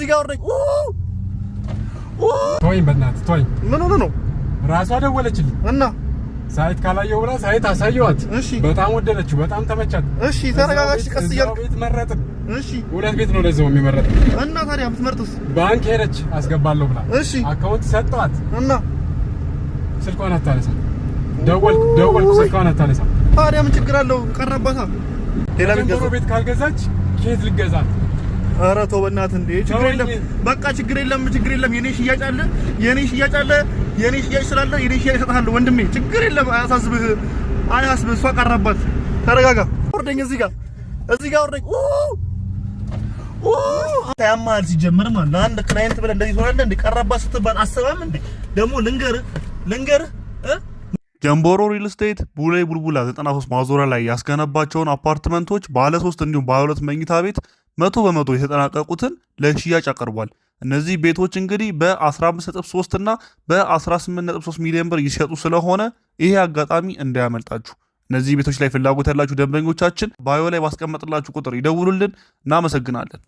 እዚህ ጋር ወረደኝ። ተወኝ በእናትህ ተወኝ። ምን ሆነህ ነው? ራሷ ደወለችልኝ እና ሳይት ካላየው ብላ ሳይት አሳየዋት። እሺ፣ በጣም ወደደችው፣ በጣም ተመቻት። እሺ፣ ተረጋጋች። ቀስ እያልክ ቤት መረጥን። እሺ፣ ሁለት ቤት ነው ለዛው የሚመረጥ እና ታዲያ የምትመርጥስ? ባንክ ሄደች አስገባለሁ ብላ እሺ፣ አካውንት ሰጠዋት እና ስልኳን አታነሳ። ደወልኩ ደወልኩ፣ ስልኳን አታነሳ። ታዲያ ምን ችግር አለው? ቀረባታ። ሌላ ቤት ካልገዛች ኬት ልገዛት? ኧረ ተው በእናትህ እንደ ችግር የለም በቃ ችግር የለም ችግር የለም። የኔ ሽያጭ አለ የኔ ሽያጭ አለ የኔ ሽያጭ ስላለ የኔ ሽያጭ እሰጥሃለሁ ወንድሜ። ችግር የለም አያሳስብህ፣ አያሳስብህ። እሷ ቀረባት። ተረጋጋ። ወርደኝ እዚህ ጋር እዚህ ጋር ወርደኝ። ያማል ሲጀምር ማለት ለአንድ ክላይንት ብለህ እንደዚህ ትሆናለህ እንዴ? ቀረባት ስትባል አሰባም እንዴ? ደግሞ ልንገርህ ልንገርህ ጀምቦሮ ሪል ስቴት ቡሌ ቡልቡላ 93 ማዞሪያ ላይ ያስገነባቸውን አፓርትመንቶች ባለ 3 እንዲሁም ባለ 2 መኝታ ቤት መቶ በመቶ የተጠናቀቁትን ለሽያጭ አቅርቧል። እነዚህ ቤቶች እንግዲህ በ15.3 እና በ18.3 ሚሊዮን ብር ይሸጡ ስለሆነ ይሄ አጋጣሚ እንዳያመልጣችሁ። እነዚህ ቤቶች ላይ ፍላጎት ያላችሁ ደንበኞቻችን ባዮ ላይ ባስቀመጥላችሁ ቁጥር ይደውሉልን። እናመሰግናለን።